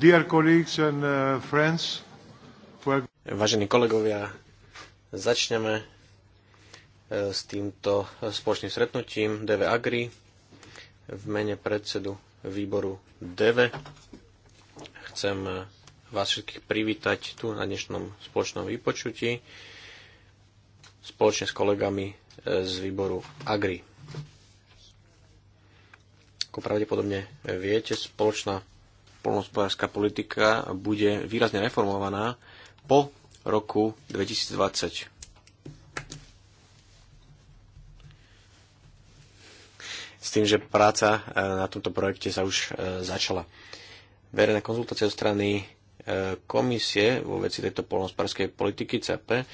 Uh, Vážení kolegovia, začneme uh, s týmto spoločným stretnutím DV Agri v mene predsedu výboru DV. Chcem uh, vás všetkých privítať tu na dnešnom spoločnom vypočutí spoločne s kolegami z výboru Agri. Ako pravdepodobne viete, spoločná polnospodárska politika bude výrazne reformovaná po roku 2020. S tým, že práca e, na tomto projekte sa už e, začala. Verejná konzultácia zo strany e, komisie vo veci tejto polnospodárskej politiky CP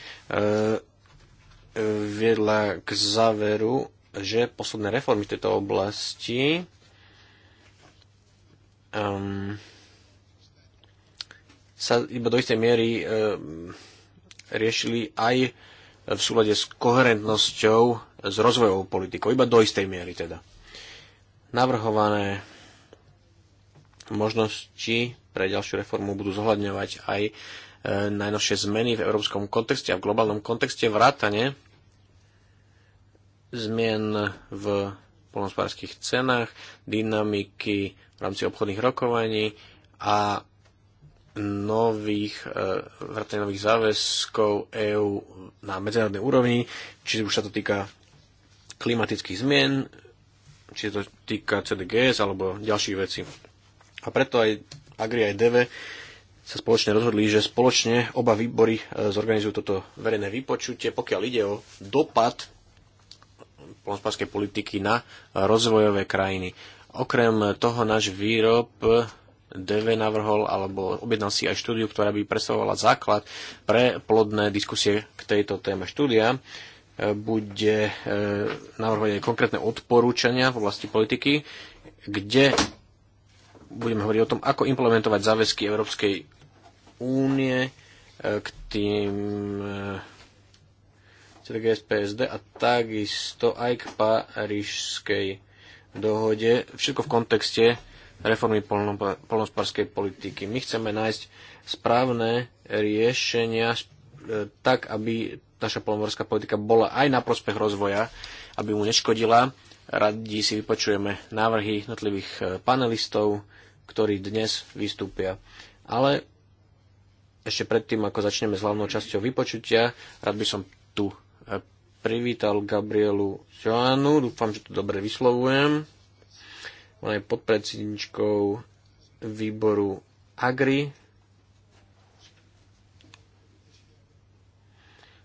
viedla k záveru, že posledné reformy v tejto oblasti um, sa iba do istej miery um, riešili aj v súlade s koherentnosťou s rozvojovou politikou, iba do istej miery teda. Navrhované možnosti pre ďalšiu reformu budú zohľadňovať aj e, najnovšie zmeny v európskom kontexte a v globálnom kontexte vrátane zmien v polnospodárských cenách, dynamiky v rámci obchodných rokovaní a nových, e, vrátane nových záväzkov EÚ na medzinárodnej úrovni, či už sa to týka klimatických zmien, či to týka CDGS alebo ďalších vecí. A preto aj Agri aj DV sa spoločne rozhodli, že spoločne oba výbory e, zorganizujú toto verejné vypočutie, pokiaľ ide o dopad polnospodárskej politiky na rozvojové krajiny. Okrem toho náš výrob DV navrhol alebo objednal si aj štúdiu, ktorá by predstavovala základ pre plodné diskusie k tejto téme. Štúdia e, bude e, navrhovať aj konkrétne odporúčania v oblasti politiky, kde budeme hovoriť o tom, ako implementovať záväzky Európskej únie e, k tým CDG, PSD a takisto aj k parížskej dohode, všetko v kontexte reformy polnospárskej politiky. My chceme nájsť správne riešenia e, tak, aby naša polnomorská politika bola aj na prospech rozvoja, aby mu neškodila. Radi si vypočujeme návrhy jednotlivých e, panelistov, ktorí dnes vystúpia. Ale ešte predtým, ako začneme s hlavnou časťou vypočutia, rád by som tu e, privítal Gabrielu Joánu, dúfam, že to dobre vyslovujem. Ona je podpredsedničkou výboru Agri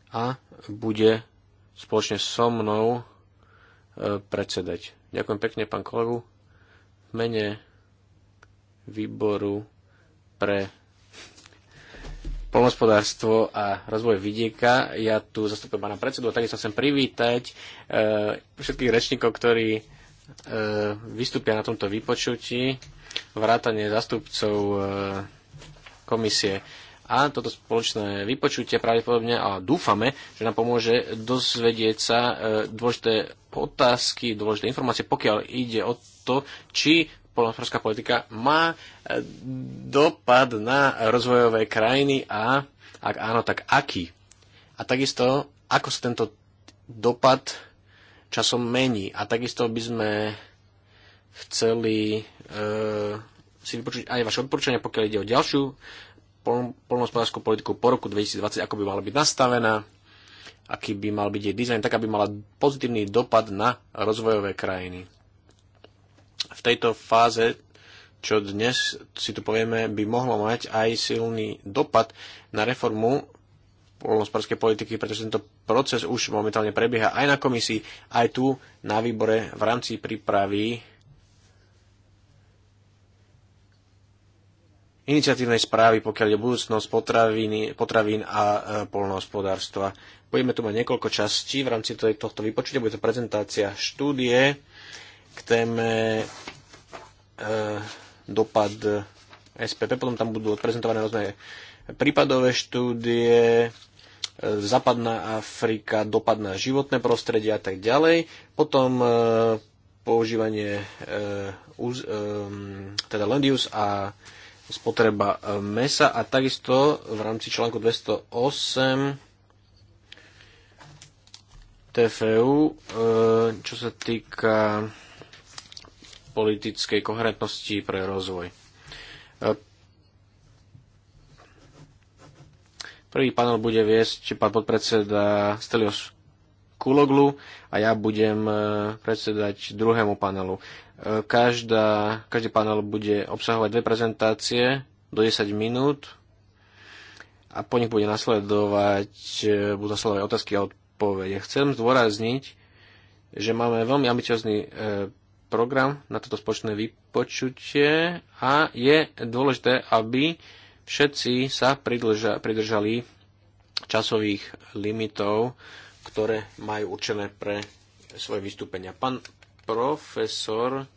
a bude spoločne so mnou e, predsedať. Ďakujem pekne, pán kolegu. V mene výboru pre polnospodárstvo a rozvoj vidieka. Ja tu zastupujem pána predsedu a takisto chcem privítať e, všetkých rečníkov, ktorí e, vystúpia na tomto vypočutí, vrátane zastupcov e, komisie. A toto spoločné vypočutie pravdepodobne, a dúfame, že nám pomôže dozvedieť sa e, dôležité otázky, dôležité informácie, pokiaľ ide o to, či polnohospodárska politika má e, dopad na rozvojové krajiny a ak áno, tak aký? A takisto, ako sa tento dopad časom mení. A takisto by sme chceli e, si vypočuť aj vaše odporúčania, pokiaľ ide o ďalšiu polnohospodárskú politiku po roku 2020, ako by mala byť nastavená, aký by mal byť jej dizajn, tak aby mala pozitívny dopad na rozvojové krajiny v tejto fáze, čo dnes si tu povieme, by mohlo mať aj silný dopad na reformu polnospodárskej politiky, pretože tento proces už momentálne prebieha aj na komisii, aj tu na výbore v rámci prípravy iniciatívnej správy, pokiaľ je budúcnosť potravín a e, polnohospodárstva. Budeme tu mať niekoľko častí v rámci tohto vypočutia. Bude to prezentácia štúdie k téme E, dopad e, SPP, potom tam budú odprezentované rôzne prípadové štúdie, e, západná Afrika, dopad na životné prostredie a tak ďalej. Potom používanie teda land use a spotreba mesa a takisto v rámci článku 208 TFU, čo sa týka politickej koherentnosti pre rozvoj. Prvý panel bude viesť pán podpredseda Stelios Kuloglu a ja budem e, predsedať druhému panelu. E, každá, každý panel bude obsahovať dve prezentácie do 10 minút a po nich bude nasledovať, e, budú nasledovať otázky a odpovede. Chcem zdôrazniť, že máme veľmi ambiciozný program na toto spoločné vypočutie a je dôležité, aby všetci sa pridržali časových limitov, ktoré majú určené pre svoje vystúpenia. Pán profesor,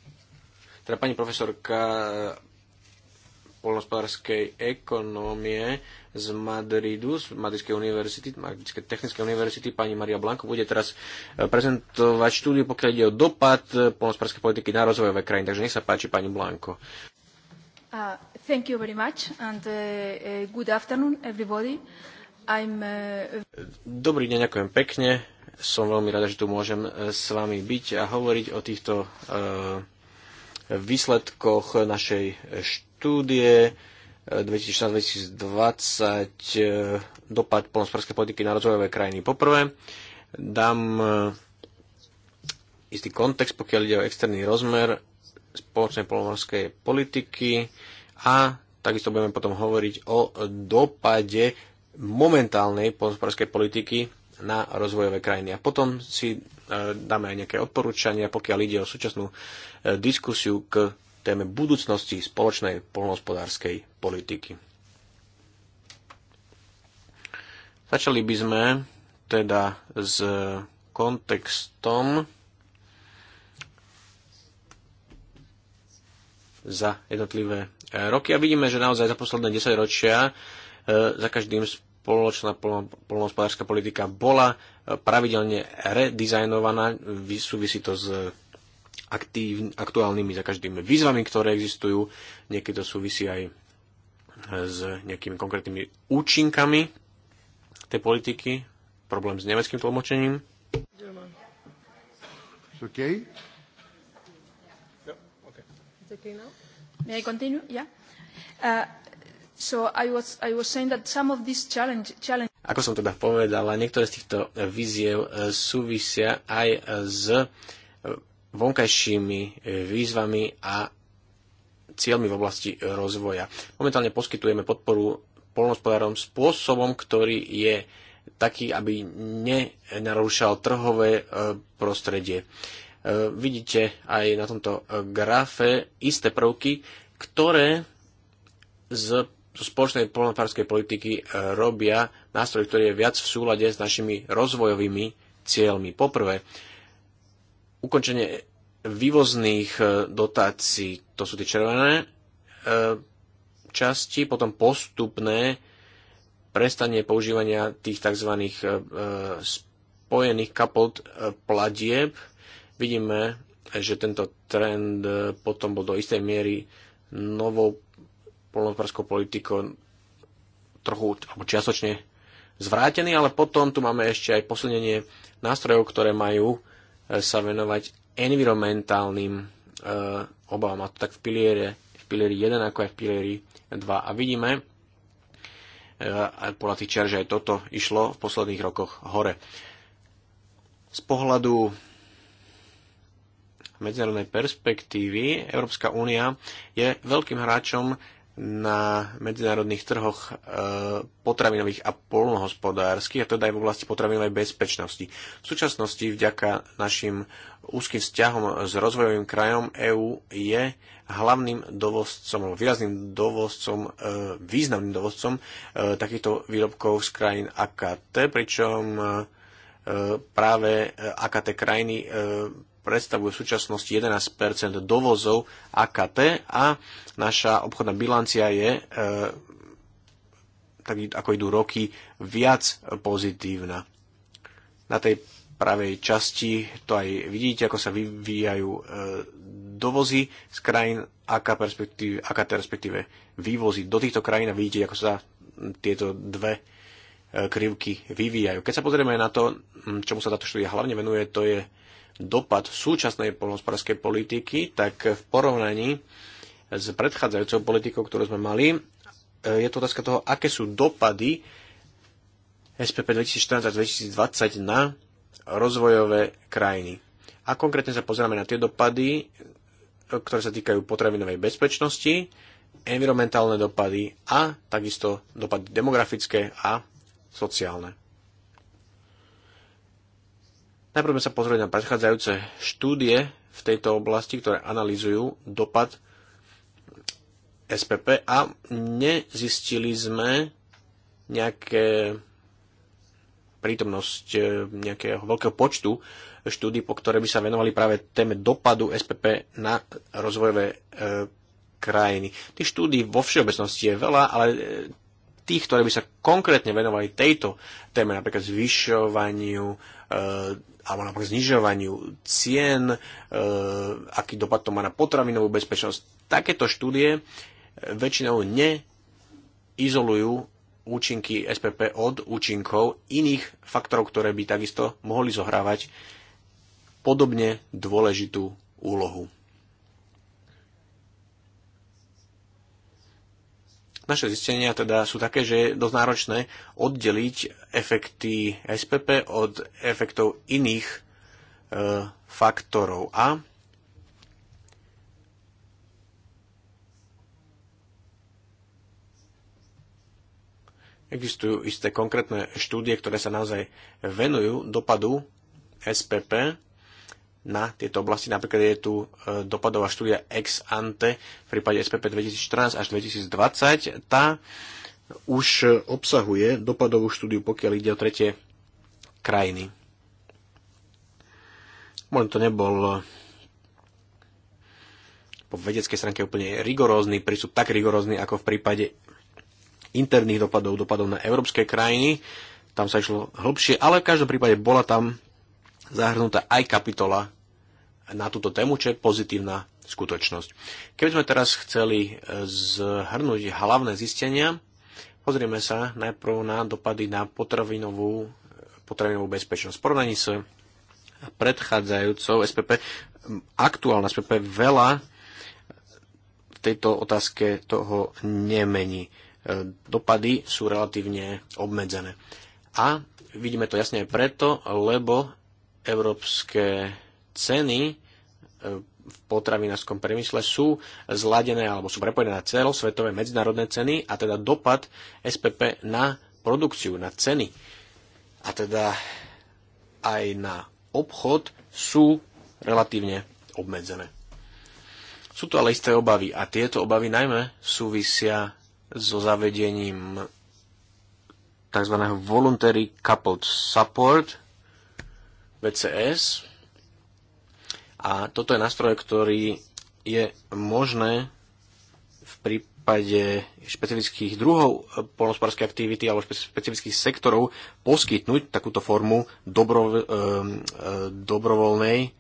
teda pani profesorka polnospodárskej ekonómie z Madridu, z Madridskej univerzity, Madridskej technickej univerzity, pani Maria Blanko bude teraz e, prezentovať štúdiu, pokiaľ ide o dopad e, polnospodárskej politiky na rozvojové krajiny. Takže nech sa páči, pani Blanko. Uh, thank you very much and uh, uh, good afternoon everybody. I'm, uh... Dobrý deň, ďakujem pekne. Som veľmi rada, že tu môžem e, s vami byť a hovoriť o týchto uh, výsledkoch našej štúdie 2016-2020 eh, eh, dopad polnospodárskej politiky na rozvojové krajiny. Poprvé dám eh, istý kontext, pokiaľ ide o externý rozmer spoločnej polnospodárskej politiky a takisto budeme potom hovoriť o dopade momentálnej polnospodárskej politiky na rozvojové krajiny. A potom si e, dáme aj nejaké odporúčania, pokiaľ ide o súčasnú e, diskusiu k téme budúcnosti spoločnej polnohospodárskej politiky. Začali by sme teda s kontextom za jednotlivé e, roky a vidíme, že naozaj za posledné 10 ročia za každým z spoločná polnohospodárska politika bola e, pravidelne redizajnovaná, súvisí to s aktív, aktuálnymi za každými výzvami, ktoré existujú, niekedy to súvisí aj e, s nejakými konkrétnymi účinkami tej politiky, problém s nemeckým tlmočením. Yeah, May I continue? Yeah. Uh, so I was, I was saying that some of these challenge, challenge... Ako som teda povedala, niektoré z týchto e, víziev e, súvisia aj e, s vonkajšími výzvami a cieľmi v oblasti rozvoja. Momentálne poskytujeme podporu polnospodárom spôsobom, ktorý je taký, aby nenarúšal trhové prostredie. Vidíte aj na tomto grafe isté prvky, ktoré z spoločnej polnofárskej politiky e, robia nástroj, ktorý je viac v súlade s našimi rozvojovými cieľmi. Poprvé, ukončenie vývozných e, dotácií, to sú tie červené e, časti, potom postupné prestanie používania tých tzv. spojených kapot platieb. Vidíme, že tento trend potom bol do istej miery novou polnohospodárskou politikou trochu alebo čiastočne zvrátený, ale potom tu máme ešte aj posilnenie nástrojov, ktoré majú e, sa venovať environmentálnym e, obavám. A to tak v piliere, v pilieri 1, ako aj v pilieri 2. A vidíme, e, podľa tých čer, že aj toto išlo v posledných rokoch hore. Z pohľadu medzinárodnej perspektívy Európska únia je veľkým hráčom na medzinárodných trhoch e, potravinových a polnohospodárskych, a teda aj v oblasti potravinovej bezpečnosti. V súčasnosti vďaka našim úzkým vzťahom s rozvojovým krajom EÚ je hlavným dovozcom, výrazným dovozcom, e, významným dovozcom e, takýchto výrobkov z krajín AKT, pričom práve AKT krajiny predstavujú v súčasnosti 11 dovozov AKT a naša obchodná bilancia je, e, tak ako idú roky, viac pozitívna. Na tej pravej časti to aj vidíte, ako sa vyvíjajú e, dovozy z krajín AK, perspektíve, AKT, respektíve vývozy do týchto krajín a vidíte, ako sa tieto dve e, krivky vyvíjajú. Keď sa pozrieme na to, čomu sa táto štúdia hlavne venuje, to je dopad súčasnej polnohospodárskej politiky, tak v porovnaní s predchádzajúcou politikou, ktorú sme mali, e, je to otázka toho, aké sú dopady SPP 2014-2020 na rozvojové krajiny. A konkrétne sa pozeráme na tie dopady, e, ktoré sa týkajú potravinovej bezpečnosti, environmentálne dopady a takisto dopady demografické a sociálne. Najprv sa pozrieť na predchádzajúce štúdie v tejto oblasti, ktoré analýzujú dopad SPP a nezistili sme nejaké prítomnosť e, nejakého veľkého počtu štúdí, po ktoré by sa venovali práve téme dopadu SPP na rozvojové e, krajiny. Tých štúdí vo všeobecnosti je veľa, ale e, tých, ktoré by sa konkrétne venovali tejto téme, napríklad zvyšovaniu e, alebo napríklad znižovaniu cien, e, aký dopad to má na potravinovú bezpečnosť. Takéto štúdie e, väčšinou neizolujú účinky SPP od účinkov iných faktorov, ktoré by takisto mohli zohrávať podobne dôležitú úlohu. Naše zistenia teda sú také, že je dosť náročné oddeliť efekty SPP od efektov iných e, faktorov. A existujú isté konkrétne štúdie, ktoré sa naozaj venujú dopadu SPP na tieto oblasti. Napríklad je tu e, dopadová štúdia ex ante v prípade SPP 2014 až 2020. Tá už obsahuje dopadovú štúdiu, pokiaľ ide o tretie krajiny. Možno to nebol e, po vedeckej stránke úplne rigorózny prístup, tak rigorózny ako v prípade interných dopadov, dopadov na európske krajiny. Tam sa išlo hĺbšie, ale v každom prípade bola tam zahrnutá aj kapitola na túto tému, čo je pozitívna skutočnosť. Keby sme teraz chceli e, zhrnúť hlavné zistenia, pozrieme sa najprv na dopady na potravinovú, potravinovú bezpečnosť. Porovnaní s predchádzajúcou SPP, aktuálna SPP veľa v tejto otázke toho nemení. E, dopady sú relatívne obmedzené. A vidíme to jasne aj preto, lebo európske ceny e, v potravinárskom priemysle sú zladené alebo sú prepojené na celosvetové medzinárodné ceny a teda dopad SPP na produkciu, na ceny a teda aj na obchod sú relatívne obmedzené. Sú tu ale isté obavy a tieto obavy najmä súvisia so zavedením tzv. Voluntary Coupled Support VCS, a toto je nástroj, ktorý je možné v prípade špecifických druhov polnospodárskej aktivity alebo špecifických sektorov poskytnúť takúto formu dobro, e, e, dobrovoľnej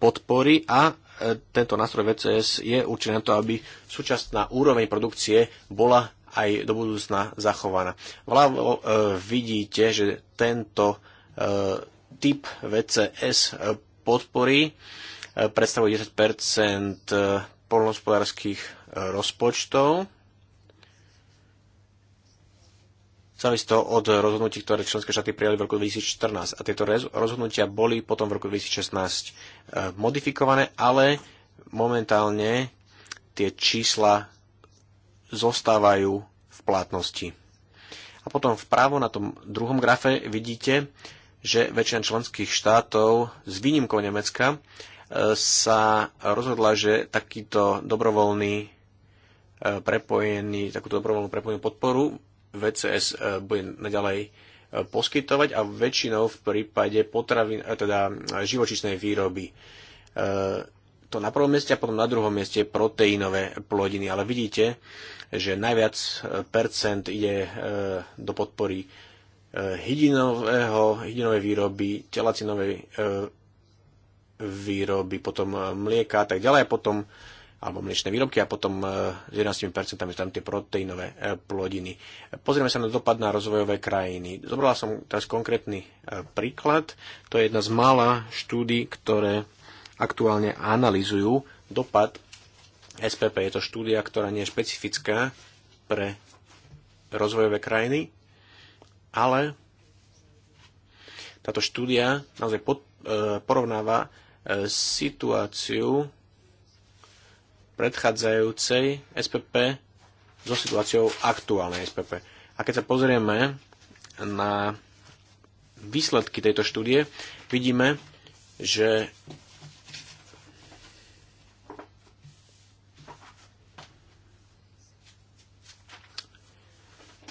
podpory a e, tento nástroj VCS je určený na to, aby súčasná úroveň produkcie bola aj do budúcna zachovaná. Vľavo e, vidíte, že tento e, typ VCS podpory e, predstavuje 10 e, polnohospodárských e, rozpočtov. Závisí to od rozhodnutí, ktoré členské štáty prijali v roku 2014. A tieto rozhodnutia boli potom v roku 2016 modifikované, ale momentálne tie čísla zostávajú v platnosti. A potom vpravo na tom druhom grafe vidíte, že väčšina členských štátov s výnimkou Nemecka e, sa rozhodla, že takýto dobrovoľný e, prepojený, takúto dobrovoľnú prepojenú podporu VCS e, bude naďalej poskytovať a väčšinou v prípade potravin, teda živočíšnej výroby. To na prvom mieste a potom na druhom mieste proteínové plodiny. Ale vidíte, že najviac percent ide do podpory hydinového, hydinovej výroby, telatinovej e, výroby, potom e, mlieka a tak ďalej, a potom alebo mliečne výrobky a potom e, s 11% tam tie proteínové plodiny. Pozrieme sa na dopad na rozvojové krajiny. Zobrala som teraz konkrétny príklad. To je jedna z mála štúdí, ktoré aktuálne analizujú dopad SPP. Je to štúdia, ktorá nie je špecifická pre rozvojové krajiny, ale táto štúdia naozaj pod, e, porovnáva e, situáciu predchádzajúcej SPP so situáciou aktuálnej SPP. A keď sa pozrieme na výsledky tejto štúdie, vidíme, že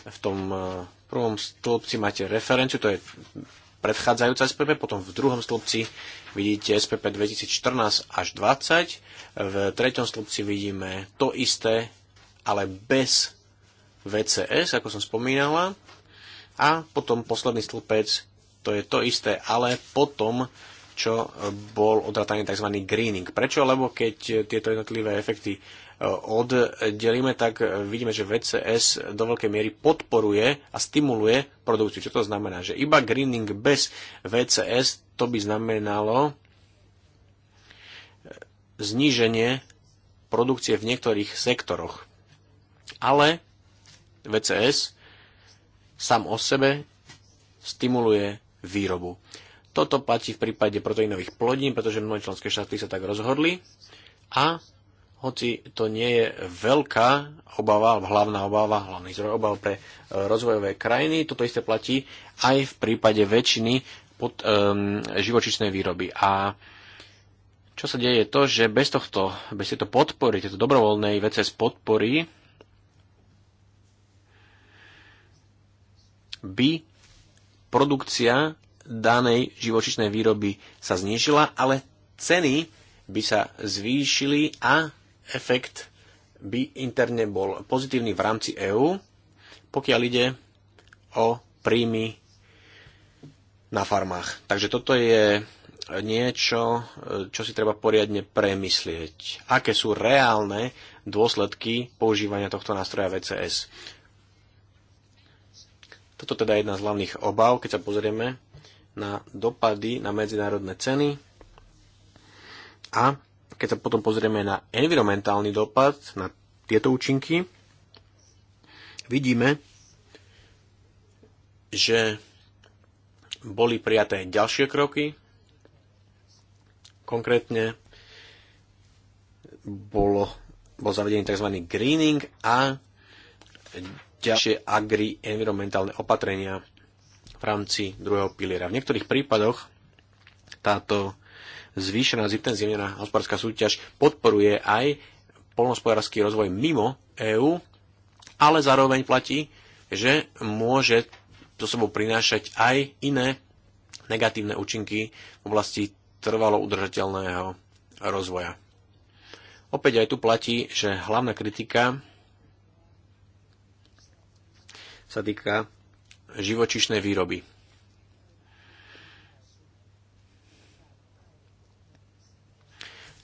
v tom e, prvom stĺpci máte referenciu, to je predchádzajúca SPP, potom v druhom stĺpci vidíte SPP 2014 až 20, v treťom stĺpci vidíme to isté, ale bez VCS, ako som spomínala, a potom posledný stĺpec, to je to isté, ale potom čo bol odrataný tzv. greening. Prečo? Lebo keď tieto jednotlivé efekty Eh, oddelíme, tak eh, vidíme, že VCS do veľkej miery podporuje a stimuluje produkciu. Čo to znamená? Že iba greening bez VCS to by znamenalo eh, zníženie produkcie v niektorých sektoroch. Ale VCS sám o sebe stimuluje výrobu. Toto platí v prípade proteínových plodín, pretože mnohé členské štáty sa tak rozhodli a hoci to nie je veľká obava, alebo hlavná obava, hlavný zdroj obav pre e, rozvojové krajiny, toto isté platí aj v prípade väčšiny pod, um, živočišnej výroby. A čo sa deje je to, že bez tohto, bez tejto podpory, tejto dobrovoľnej z podpory by produkcia danej živočišnej výroby sa znížila, ale ceny by sa zvýšili a efekt by interne bol pozitívny v rámci EÚ, pokiaľ ide o príjmy na farmách. Takže toto je niečo, čo si treba poriadne premyslieť. Aké sú reálne dôsledky používania tohto nástroja VCS? Toto teda je jedna z hlavných obav, keď sa pozrieme na dopady na medzinárodné ceny a keď sa potom pozrieme na environmentálny dopad, na tieto účinky, vidíme, že boli prijaté ďalšie kroky. Konkrétne bolo, bol zavedený tzv. greening a ďalšie agri-environmentálne opatrenia v rámci druhého piliera. V niektorých prípadoch táto zvýšená, zintenzívnená hospodárska súťaž podporuje aj polnospodársky rozvoj mimo EÚ, ale zároveň platí, že môže so sebou prinášať aj iné negatívne účinky v oblasti trvalo udržateľného rozvoja. Opäť aj tu platí, že hlavná kritika sa týka živočišnej výroby.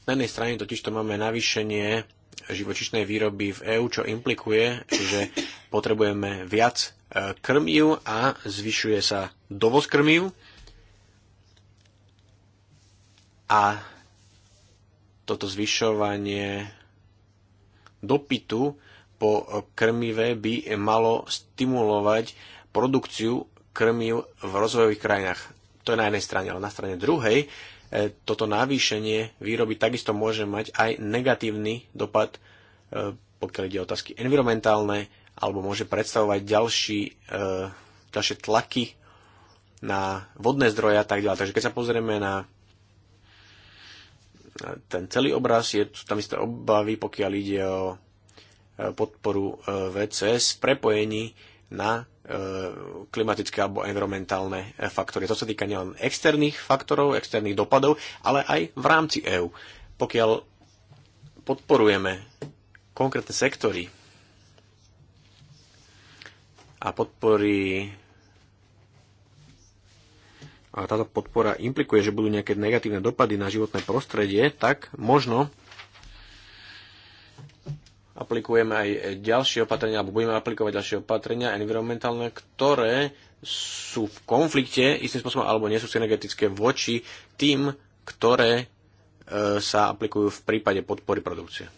Na jednej strane totiž to máme navýšenie živočišnej výroby v EÚ, čo implikuje, že potrebujeme viac e, krmiv a zvyšuje sa dovoz krmiv. A toto zvyšovanie dopytu po krmive by malo stimulovať produkciu krmiv v rozvojových krajinách. To je na jednej strane, ale na strane druhej E, toto navýšenie výroby takisto môže mať aj negatívny dopad, e, pokiaľ ide o otázky environmentálne, alebo môže predstavovať ďalší, e, ďalšie tlaky na vodné zdroje a tak ďalej. Takže keď sa pozrieme na ten celý obraz, je tu tam isté obavy, pokiaľ ide o podporu VCS, prepojení na e, klimatické alebo environmentálne e, faktory. To sa týka nielen externých faktorov, externých dopadov, ale aj v rámci EÚ. Pokiaľ podporujeme konkrétne sektory a podporí a táto podpora implikuje, že budú nejaké negatívne dopady na životné prostredie, tak možno aplikujeme aj ďalšie opatrenia, alebo budeme aplikovať ďalšie opatrenia environmentálne, ktoré sú v konflikte istým spôsobom, alebo nie sú synergetické voči tým, ktoré e, sa aplikujú v prípade podpory produkcie.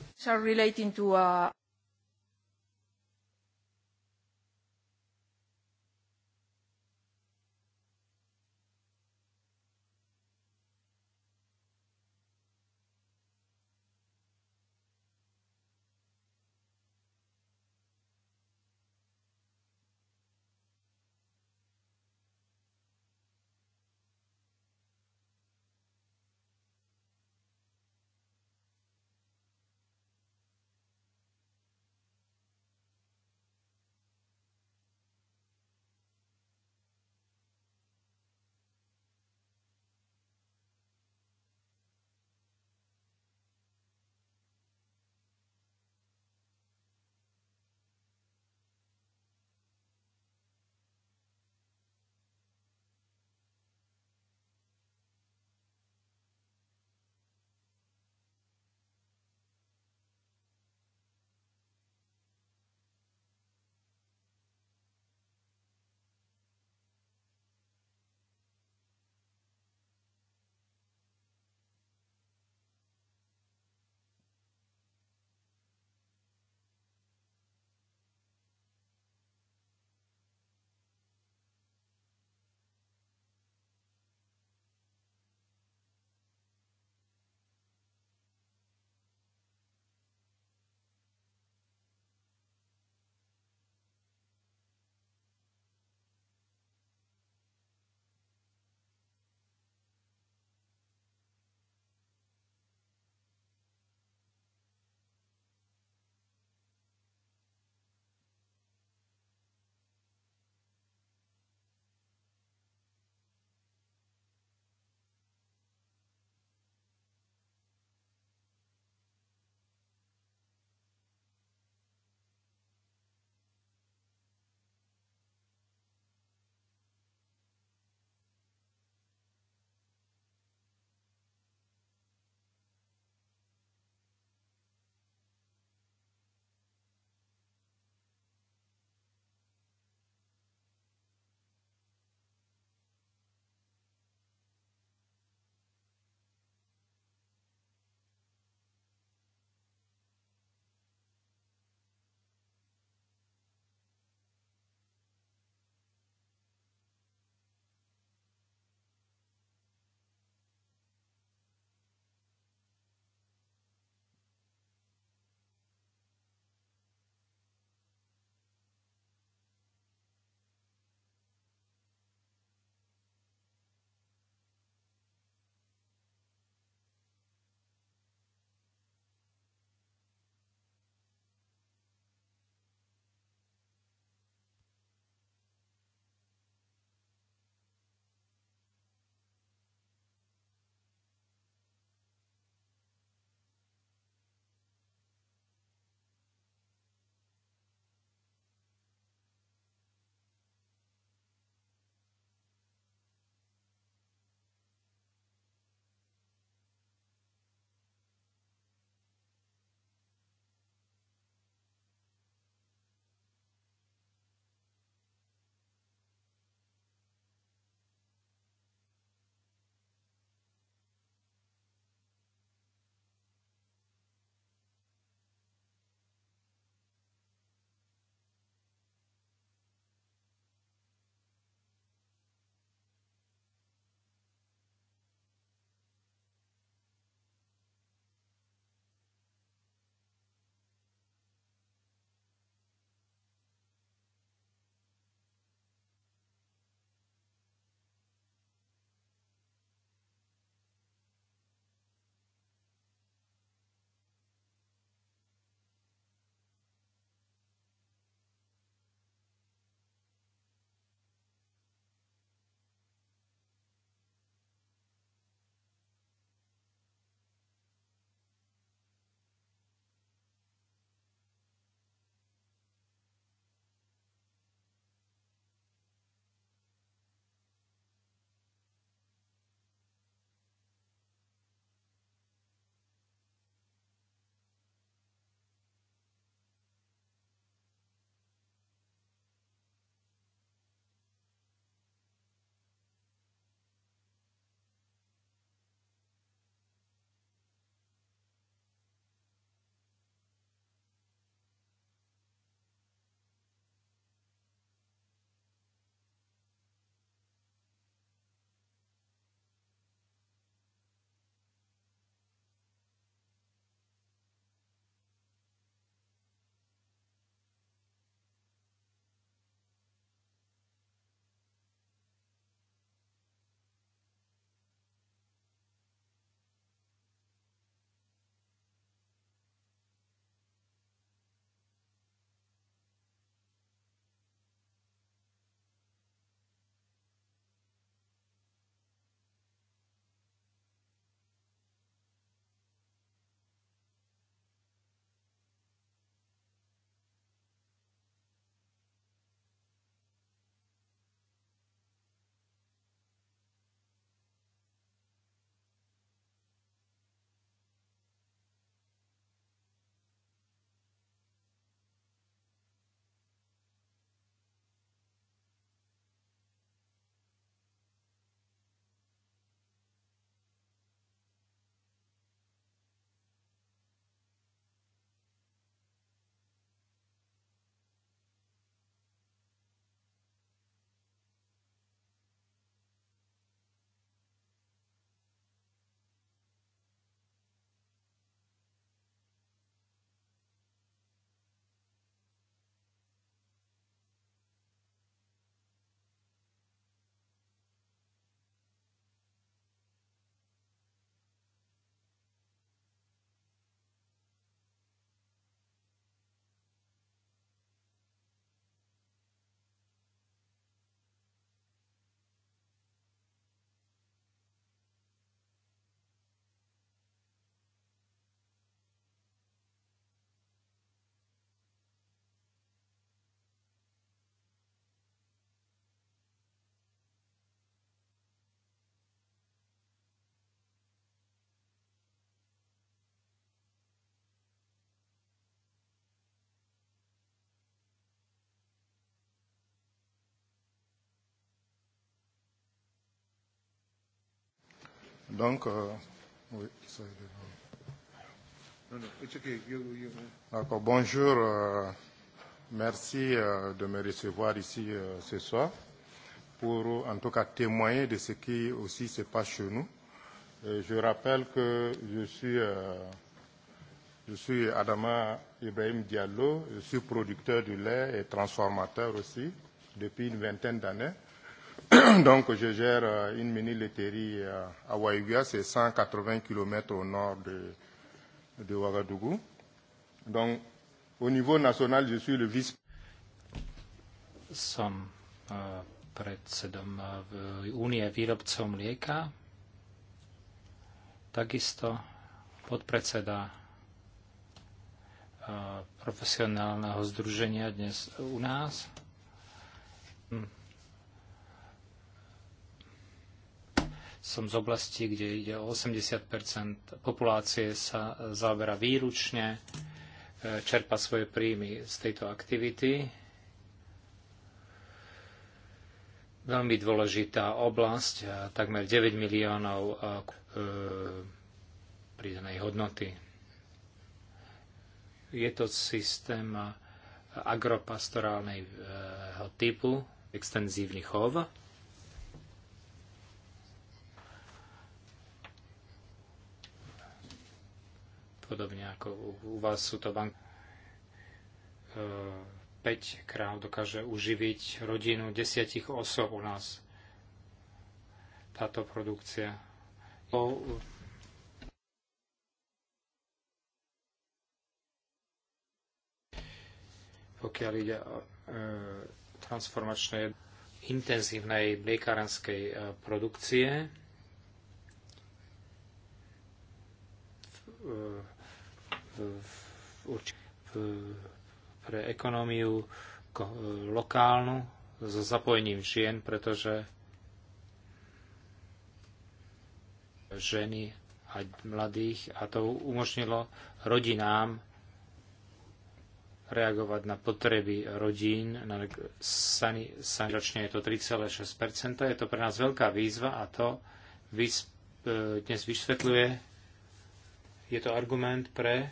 Donc, euh, oui, euh, uh, D'accord, bonjour. Euh, merci euh, de me recevoir ici euh, ce soir pour en tout cas témoigner de ce qui aussi se passe chez nous. Et je rappelle que je suis, euh, je suis Adama Ibrahim Diallo, je suis producteur du lait et transformateur aussi depuis une vingtaine d'années. Donc, je gère euh, une mini-laiterie euh, à Waïguia, c'est 180 km au nord de, de Ouagadougou. Donc, au niveau national, je suis le vice. Som uh, predsedom euh, Únie výrobcov mlieka, takisto podpredseda uh, profesionálneho združenia dnes u nás. Hm Som z oblasti, kde ide o 80 populácie sa e, zaoberá výručne, e, čerpa svoje príjmy z tejto aktivity. Veľmi dôležitá oblasť, e, takmer 9 miliónov pridanej hodnoty. Je to systém agropastorálneho typu, extenzívny chov, podobne ako u vás sú to banky. 5 e, kráv dokáže uživiť rodinu desiatich osob u nás. Táto produkcia. Pokiaľ ide o e, transformačné intenzívnej mliekárenskej e, produkcie, pre ekonómiu lokálnu so zapojením žien, pretože ženy a mladých a to umožnilo rodinám reagovať na potreby rodín. Na sani, sani, ročne je to 3,6%. Je to pre nás veľká výzva a to vys, e, dnes vysvetľuje je to argument pre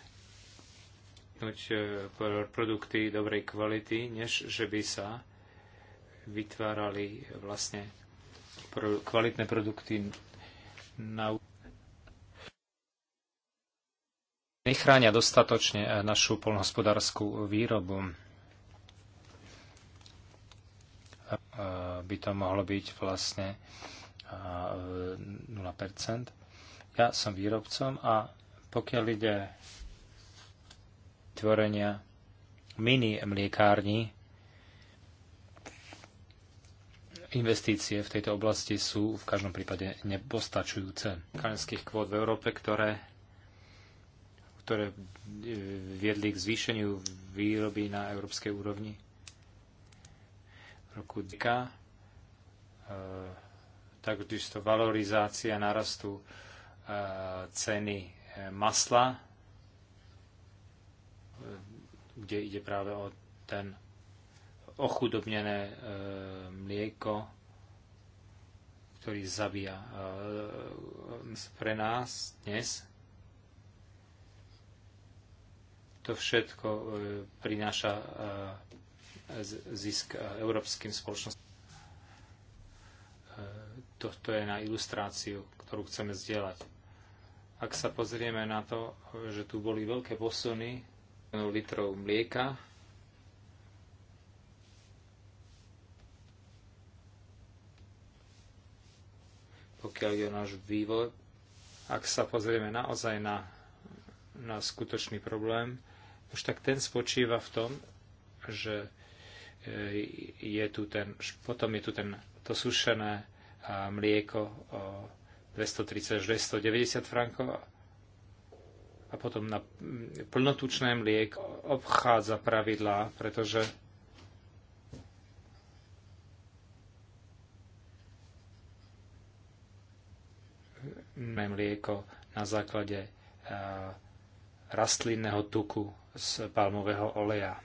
e, produkty dobrej kvality, než že by sa vytvárali vlastne kvalitné produkty na nechránia dostatočne e, našu polnohospodárskú výrobu. By to mohlo byť vlastne 0%. E, ja som výrobcom a pokiaľ ide tvorenia mini mliekárni, investície v tejto oblasti sú v každom prípade nepostačujúce. Kanadských kvót v Európe, ktoré, ktoré e, viedli k zvýšeniu výroby na európskej úrovni roku dika, e, takisto valorizácia narastu e, ceny masla, kde ide práve o ten ochudobnené e, mlieko, ktorý zabíja e, pre nás dnes. To všetko e, prináša zisk európskym spoločnosti. Toto je na ilustráciu, ktorú chceme zdieľať. Ak sa pozrieme na to, že tu boli veľké posuny litrov mlieka, pokiaľ je náš vývoj, ak sa pozrieme naozaj na, na skutočný problém, už tak ten spočíva v tom, že e, je tu ten, potom je tu ten, to sušené mlieko, 230 až 290 frankov a potom na plnotučné mliek obchádza pravidlá, pretože mlieko na základe e, rastlinného tuku z palmového oleja.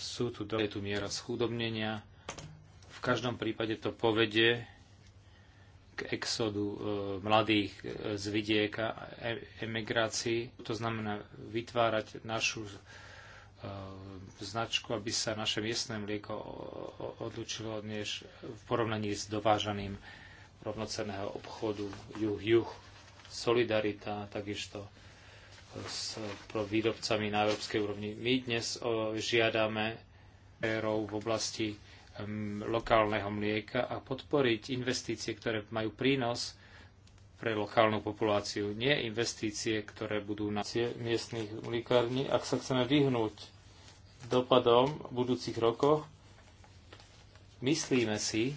Sú tu, do... je tu miera schudobnenia, v každom prípade to povedie k exodu e, mladých e, z vidieka, e, emigrácii. To znamená vytvárať našu značku, aby sa naše miestne mlieko odlučilo než v porovnaní s dovážaným rovnoceného obchodu juh-juh. Solidarita takisto s pro výrobcami na európskej úrovni. My dnes žiadame v oblasti lokálneho mlieka a podporiť investície, ktoré majú prínos pre lokálnu populáciu, nie investície, ktoré budú na miestnych mliekarní. ak sa chceme vyhnúť dopadom v budúcich rokoch, myslíme si,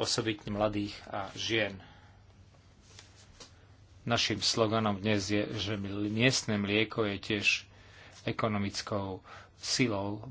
osobitne mladých a žien. Našim sloganom dnes je, že miestne mlieko je tiež ekonomickou silou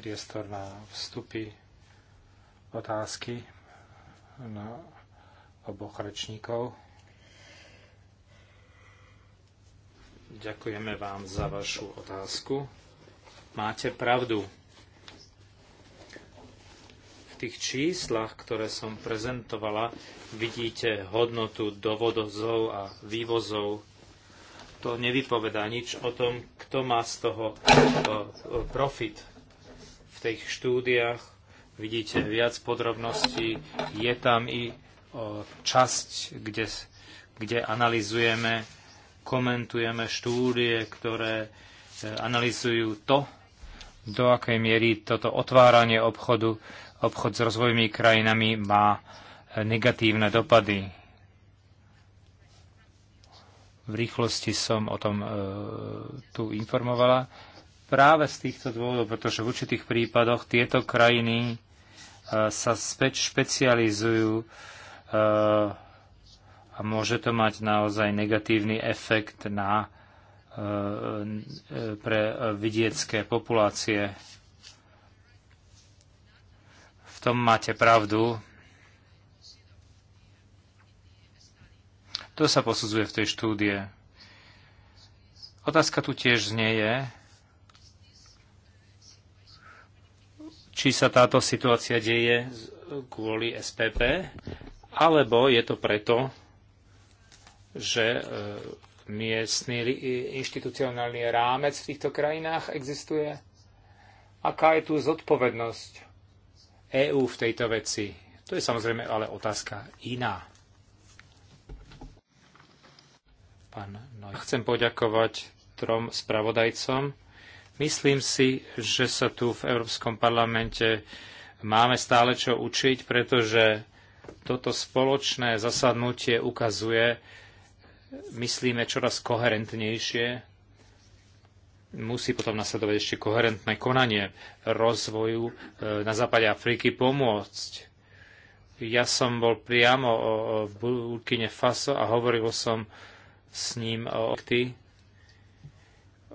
priestor na vstupy, otázky na oboch rečníkov. Ďakujeme vám za vašu otázku. Máte pravdu. V tých číslach, ktoré som prezentovala, vidíte hodnotu dovodozov a vývozov. To nevypovedá nič o tom, kto má z toho profit v tých štúdiách vidíte viac podrobností. Je tam i časť, kde, kde analizujeme, komentujeme štúdie, ktoré e, analizujú to, do akej miery toto otváranie obchodu, obchod s rozvojmi krajinami má e, negatívne dopady. V rýchlosti som o tom e, tu informovala práve z týchto dôvodov, pretože v určitých prípadoch tieto krajiny e, sa späť špecializujú e, a môže to mať naozaj negatívny efekt na, e, pre vidiecké populácie. V tom máte pravdu. To sa posudzuje v tej štúdie. Otázka tu tiež znie je, či sa táto situácia deje kvôli SPP, alebo je to preto, že e, miestny inštitucionálny rámec v týchto krajinách existuje? Aká je tu zodpovednosť EÚ v tejto veci? To je samozrejme ale otázka iná. Pán Noj. Chcem poďakovať trom spravodajcom Myslím si, že sa tu v Európskom parlamente máme stále čo učiť, pretože toto spoločné zasadnutie ukazuje, myslíme čoraz koherentnejšie, musí potom nasledovať ešte koherentné konanie rozvoju e, na západe Afriky pomôcť. Ja som bol priamo v Burkine Faso a hovoril som s ním o ty.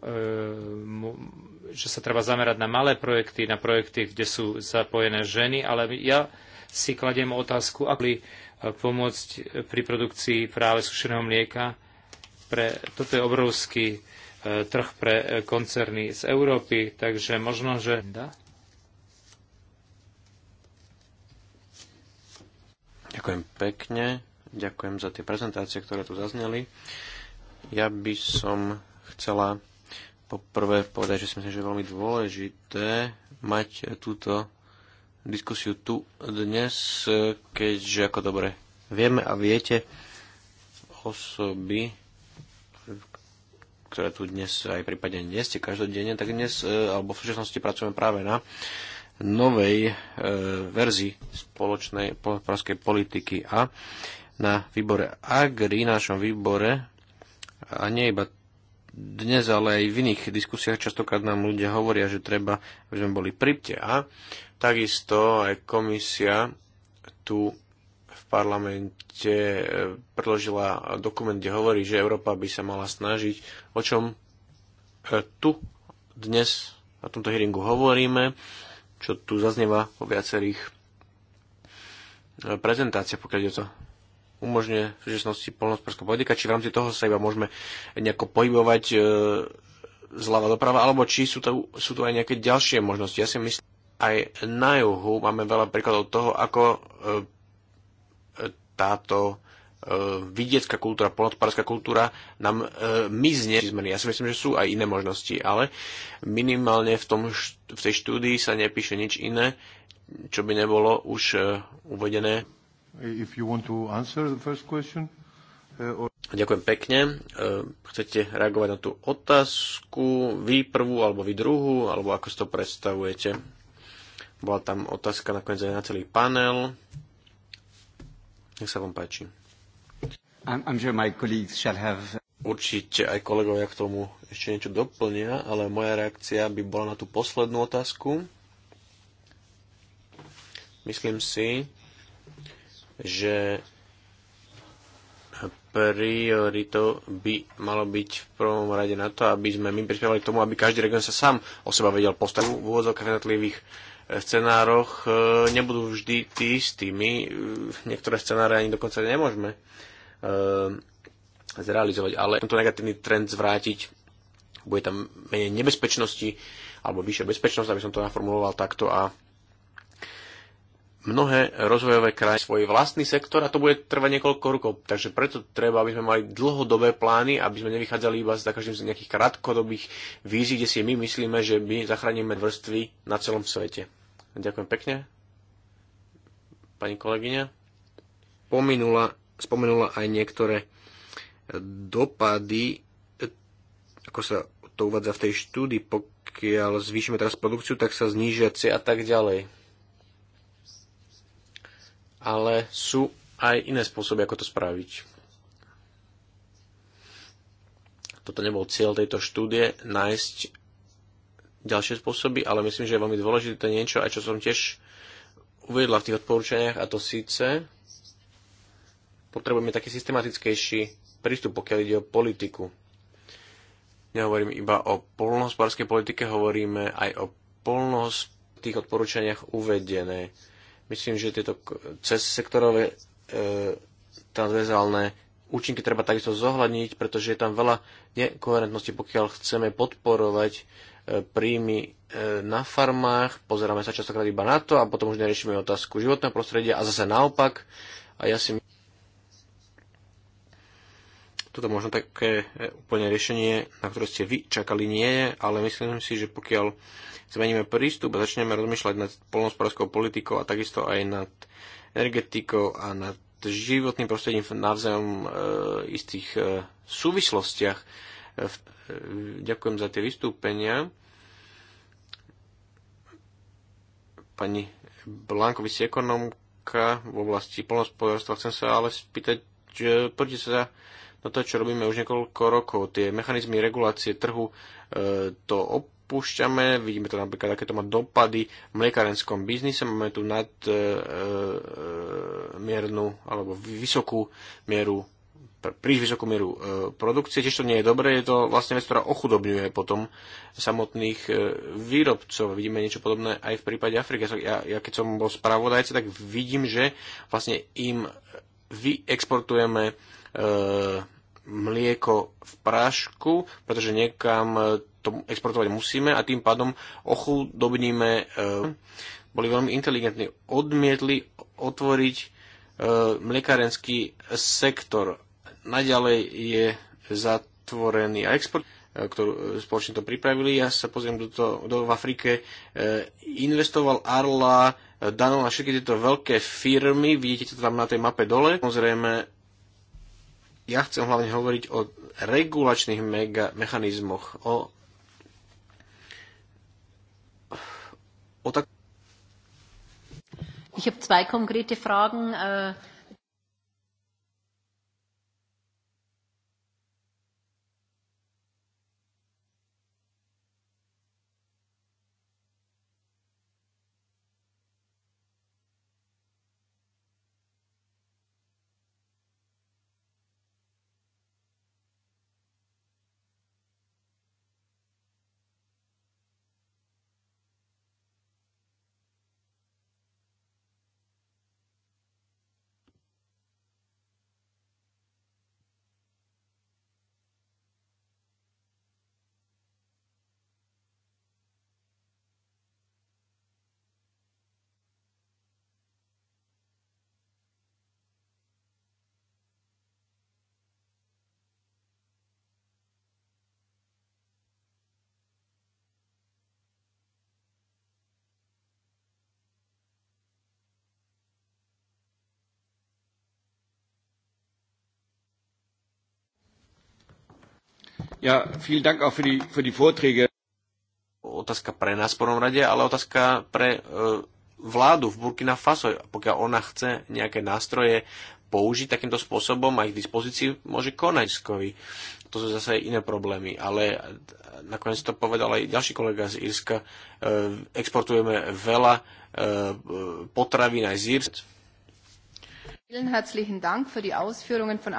E, že sa treba zamerať na malé projekty, na projekty, kde sú zapojené ženy, ale ja si kladiem otázku, ako e, pomôcť pri produkcii práve sušeného mlieka. Pre, toto je obrovský e, trh pre koncerny z Európy, takže možno, že... Ďakujem pekne, ďakujem za tie prezentácie, ktoré tu zazneli. Ja by som chcela poprvé povedať, že si myslím, že je veľmi dôležité mať túto diskusiu tu dnes, keďže ako dobre vieme a viete, osoby, ktoré tu dnes aj prípadne nie ste každodenne, tak dnes e, alebo v súčasnosti pracujeme práve na novej e, verzii spoločnej polnospodárskej politiky a na výbore Agri, našom výbore, a nie iba dnes, ale aj v iných diskusiách častokrát nám ľudia hovoria, že treba, aby sme boli pripte. A takisto aj komisia tu v parlamente e, predložila dokument, kde hovorí, že Európa by sa mala snažiť, o čom e, tu dnes na tomto hearingu hovoríme, čo tu zaznieva po viacerých e, prezentáciách, pokiaľ je to umožňuje v súčasnosti polnospodárska politika, či v rámci toho sa iba môžeme nejako pohybovať e, zľava doprava, alebo či sú tu, sú to aj nejaké ďalšie možnosti. Ja si myslím, aj na juhu máme veľa príkladov toho, ako e, e táto e, vidiecká kultúra, polnospodárska kultúra nám e, mizne Ja si myslím, že sú aj iné možnosti, ale minimálne v, tom, v tej štúdii sa nepíše nič iné, čo by nebolo už e, uvedené if you want to answer the first question. Uh, Ďakujem pekne. Uh, chcete reagovať na tú otázku? Vy prvú, alebo vy druhú, alebo ako si to predstavujete? Bola tam otázka nakoniec aj na celý panel. Nech sa vám páči. I'm sure my colleagues shall have... Určite aj kolegovia k tomu ešte niečo doplnia, ale moja reakcia by bola na tú poslednú otázku. Myslím si, že prioritou by malo byť v prvom rade na to, aby sme my prispievali k tomu, aby každý región sa sám o seba vedel postaviť v úvodzovkách jednotlivých eh, scenároch eh, nebudú vždy tí istí. My eh, niektoré scenáre ani dokonca nemôžeme zrealizovať, ale tento negatívny trend zvrátiť, bude tam menej nebezpečnosti alebo vyššia bezpečnosť, aby som to naformuloval takto a mnohé rozvojové krajiny svoj vlastný sektor a to bude trvať niekoľko rokov. Takže preto treba, aby sme mali dlhodobé plány, aby sme nevychádzali iba z každým z nejakých krátkodobých vízií, kde si my myslíme, že my zachránime vrstvy na celom svete. Ďakujem pekne. Pani kolegyňa pominula, spomenula aj niektoré dopady, ako sa to uvádza v tej štúdii, pokiaľ zvýšime teraz produkciu, tak sa znížia a tak ďalej ale sú aj iné spôsoby, ako to spraviť. Toto nebol cieľ tejto štúdie, nájsť ďalšie spôsoby, ale myslím, že je veľmi dôležité niečo, aj čo som tiež uvedla v tých odporúčaniach, a to síce potrebujeme taký systematickejší prístup, pokiaľ ide o politiku. Nehovorím iba o polnohospodárskej politike, hovoríme aj o polnohospodárskej tých odporúčaniach uvedené. Myslím, že tieto cez sektorové e, transverzálne účinky treba takisto zohľadniť, pretože je tam veľa nekoherentnosti, pokiaľ chceme podporovať e, príjmy e, na farmách, pozeráme sa častokrát iba na to a potom už neriešime otázku životného prostredia a zase naopak. A ja si toto možno také e, úplne riešenie, na ktoré ste vy čakali, nie je, ale myslím si, že pokiaľ zmeníme prístup a začneme rozmýšľať nad polnospodárskou politikou a takisto aj nad energetikou a nad životným prostredím v navzájom e, istých e, súvislostiach. E, e, ďakujem za tie vystúpenia. Pani Blanko, vy ste ekonomka v oblasti polnospodárstva. Chcem sa ale spýtať, že, poďte sa za toto, no čo robíme už niekoľko rokov. Tie mechanizmy regulácie trhu e, to opúšťame, vidíme to napríklad, aké to má dopady v mliekarenskom biznise, máme tu nad e, e, miernu alebo vysokú mieru príliš vysokú mieru e, produkcie, tiež to nie je dobré, je to vlastne vec, ktorá ochudobňuje potom samotných e, výrobcov. Vidíme niečo podobné aj v prípade Afriky. Ja, ja keď som bol spravodajca, tak vidím, že vlastne im e, vyexportujeme e, mlieko v prášku, pretože niekam e, to exportovať musíme a tým pádom ochudobníme. E, boli veľmi inteligentní, odmietli otvoriť e, mliekarenský sektor. Naďalej je zatvorený a export ktorú spoločne to pripravili. Ja sa pozriem, do, to do, v Afrike investoval Arla, Danone a všetky tieto veľké firmy, vidíte to tam na tej mape dole. Samozrejme, ja chcem hlavne hovoriť o regulačných mega, mechanizmoch, o, o tak... Ich habe zwei konkrete Fragen. Äh Ja, vielen Dank auch für die, für die Vorträge. Otázka pre nás v prvom rade, ale otázka pre e, vládu v Burkina Faso. Pokiaľ ona chce nejaké nástroje použiť takýmto spôsobom a ich dispozícii môže konať skovi. To sú zase iné problémy, ale nakoniec to povedal aj ďalší kolega z Írska. E, exportujeme veľa e, potravín aj z Írska. Vielen herzlichen Dank für die Ausführungen von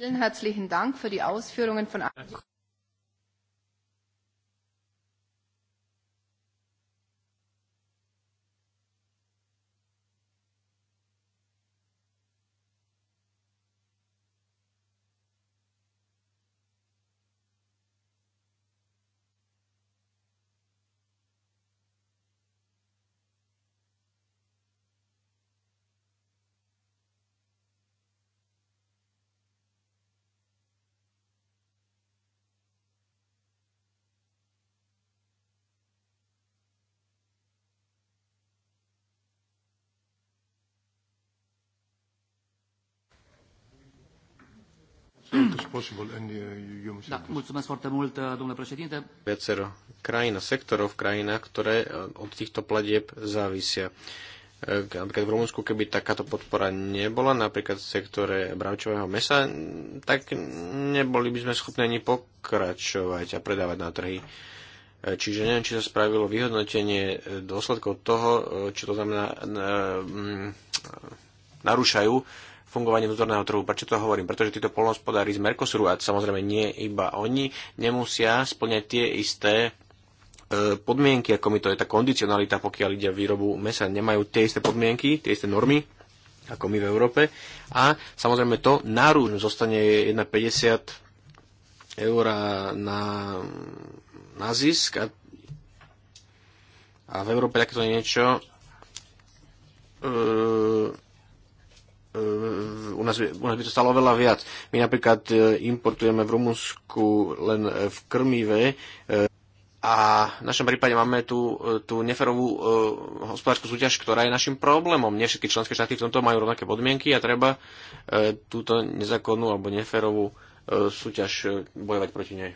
Vielen herzlichen Dank für die Ausführungen von Uh, da, mulțumesc foarte mult, uh, domnule președinte. Viacero krajín a sektorov v krajinách, ktoré uh, od týchto platieb závisia. Napríklad v Rumunsku, keby takáto podpora nebola, napríklad v sektore bravčového mesa, tak neboli by sme schopní ani pokračovať a predávať na trhy. E, čiže neviem, či sa spravilo vyhodnotenie e, dôsledkov toho, e, čo to znamená, narúšajú fungovanie vnútorného trhu. Prečo to hovorím? Pretože títo polnospodári z Mercosuru, a samozrejme nie iba oni, nemusia splňať tie isté e, podmienky, ako mi to je tá kondicionalita, pokiaľ ide výrobu mesa, nemajú tie isté podmienky, tie isté normy, ako my v Európe. A samozrejme to nárúž zostane 1,50 eur na, na zisk a, a v Európe takéto niečo e, E, u nás, u nás by to stalo veľa viac. My napríklad e, importujeme v Rumunsku len e, v krmive a v našom prípade máme tú, tú neferovú hospodárskú súťaž, ktorá je našim problémom. Nie všetky členské štáty v tomto majú rovnaké podmienky a treba túto nezákonnú alebo neferovú súťaž bojovať proti nej.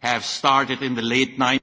have started in the late 1990s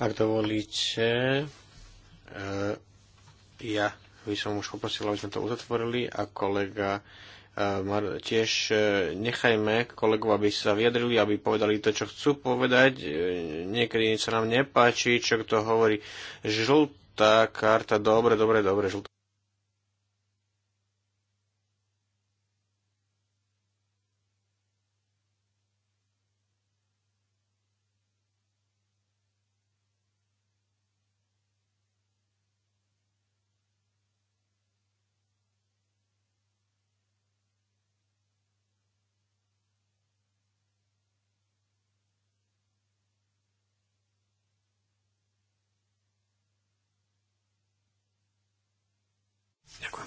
Ak dovolíte, eh, ja by som už poprosil, aby sme to uzatvorili a kolega eh, tiež eh, nechajme kolegov, aby sa vyjadrili, aby povedali to, čo chcú povedať. Niekedy sa nám nepáči, čo kto hovorí. Žltá karta, dobre, dobre, dobre, žltá.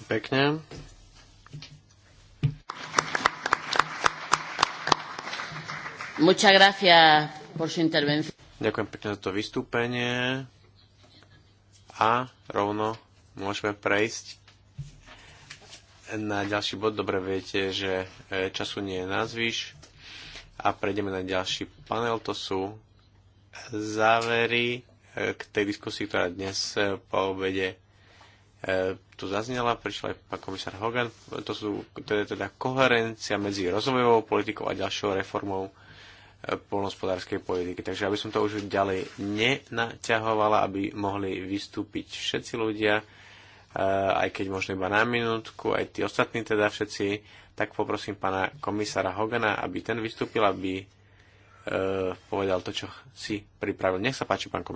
Ďakujem pekne. Muchas gracias por su intervención. Ďakujem pekne za to vystúpenie a rovno môžeme prejsť na ďalší bod. Dobre viete, že e, času nie je nazvyš a prejdeme na ďalší panel. To sú závery e, k tej diskusii, ktorá dnes e, po obede E, tu zaznela, prišiel aj pán komisár Hogan, to, sú, to je teda koherencia medzi rozvojovou politikou a ďalšou reformou e, polnospodárskej politiky. Takže aby som to už ďalej nenaťahovala, aby mohli vystúpiť všetci ľudia, e, aj keď možno iba na minútku, aj tí ostatní teda všetci, tak poprosím pána komisára Hogana, aby ten vystúpil, aby povedal to, čo si pripravil. Nech sa páči, pán komisár.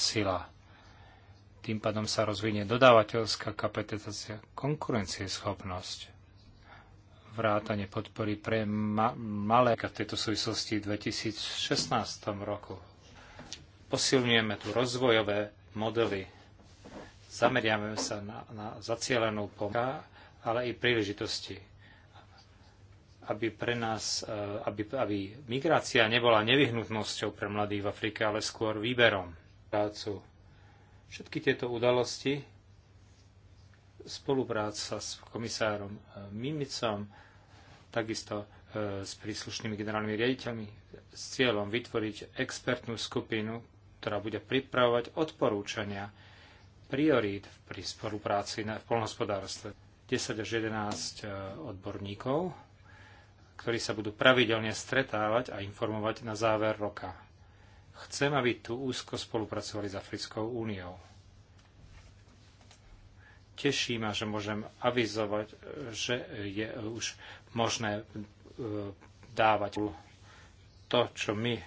sila. Tým pádom sa rozvinie dodávateľská kapacitácia, konkurencieschopnosť, vrátanie podpory pre ma- malé v tejto súvislosti v 2016 roku. Posilňujeme tu rozvojové modely. Zameriame sa na, na zacielenú pomoc, ale i príležitosti aby pre nás, e, aby, aby migrácia nebola nevyhnutnosťou pre mladých v Afrike, ale skôr výberom prácu. Všetky tieto udalosti, spolupráca s komisárom eh, Mimicom, takisto eh, s príslušnými generálnymi riaditeľmi s cieľom vytvoriť expertnú skupinu, ktorá bude pripravovať odporúčania priorít pri spolupráci v polnohospodárstve. 10 až 11 eh, odborníkov, ktorí sa budú pravidelne stretávať a informovať na záver roka. Chcem, aby tu úzko spolupracovali s Africkou úniou. Teší ma, že môžem avizovať, že je už možné e, dávať to, čo my e,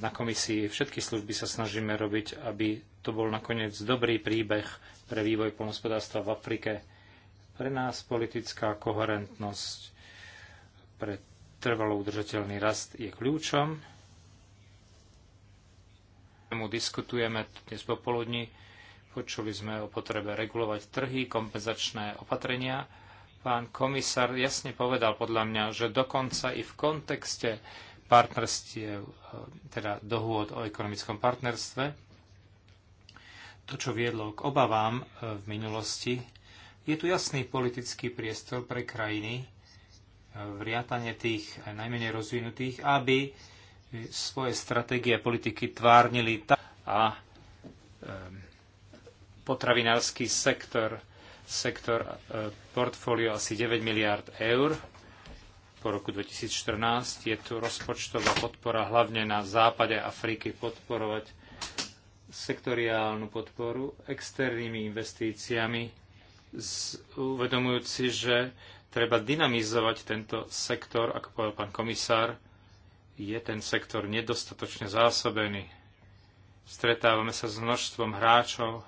na komisii všetky služby sa snažíme robiť, aby to bol nakoniec dobrý príbeh pre vývoj polnospodárstva v Afrike. Pre nás politická koherentnosť pre trvalo udržateľný rast je kľúčom tému diskutujeme dnes popoludní. Počuli sme o potrebe regulovať trhy, kompenzačné opatrenia. Pán komisár jasne povedal podľa mňa, že dokonca i v kontexte partnerstiev, e, teda dohôd o ekonomickom partnerstve, to, čo viedlo k obavám e, v minulosti, je tu jasný politický priestor pre krajiny, e, vriatanie tých najmenej rozvinutých, aby svoje stratégie a politiky tvárnili tak a potravinársky sektor, sektor e, portfólio asi 9 miliard eur po roku 2014. Je tu rozpočtová podpora hlavne na západe Afriky podporovať sektoriálnu podporu externými investíciami, uvedomujúci, že treba dynamizovať tento sektor, ako povedal pán komisár, je ten sektor nedostatočne zásobený. Stretávame sa s množstvom hráčov,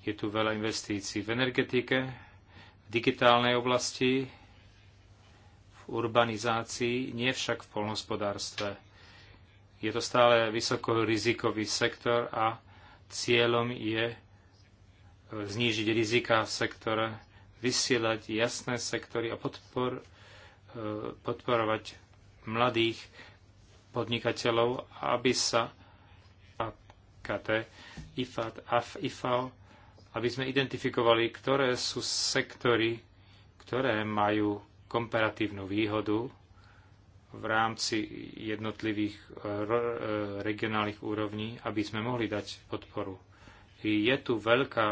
je tu veľa investícií v energetike, v digitálnej oblasti, v urbanizácii, nie však v polnospodárstve. Je to stále vysokorizikový sektor a cieľom je e, znížiť rizika v sektore, vysielať jasné sektory a podpor, e, podporovať mladých podnikateľov, aby sa KT, IFAT, AF, IFAO, aby sme identifikovali, ktoré sú sektory, ktoré majú komparatívnu výhodu v rámci jednotlivých eh, eh, regionálnych úrovní, aby sme mohli dať podporu. Je tu veľká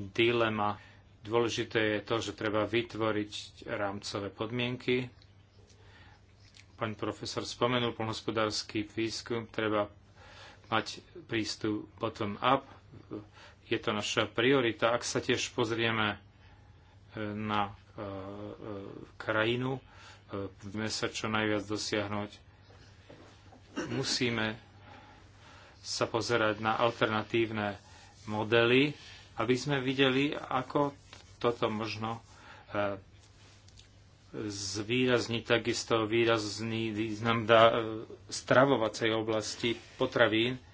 dilema. Dôležité je to, že treba vytvoriť rámcové podmienky, pán profesor spomenul, polnospodársky výskum treba mať prístup bottom-up. Je to naša priorita. Ak sa tiež pozrieme e, na e, e, krajinu, budeme sa čo najviac dosiahnuť, musíme sa pozerať na alternatívne modely, aby sme videli, ako toto možno zvýrazniť takisto výrazný význam stravovacej oblasti potravín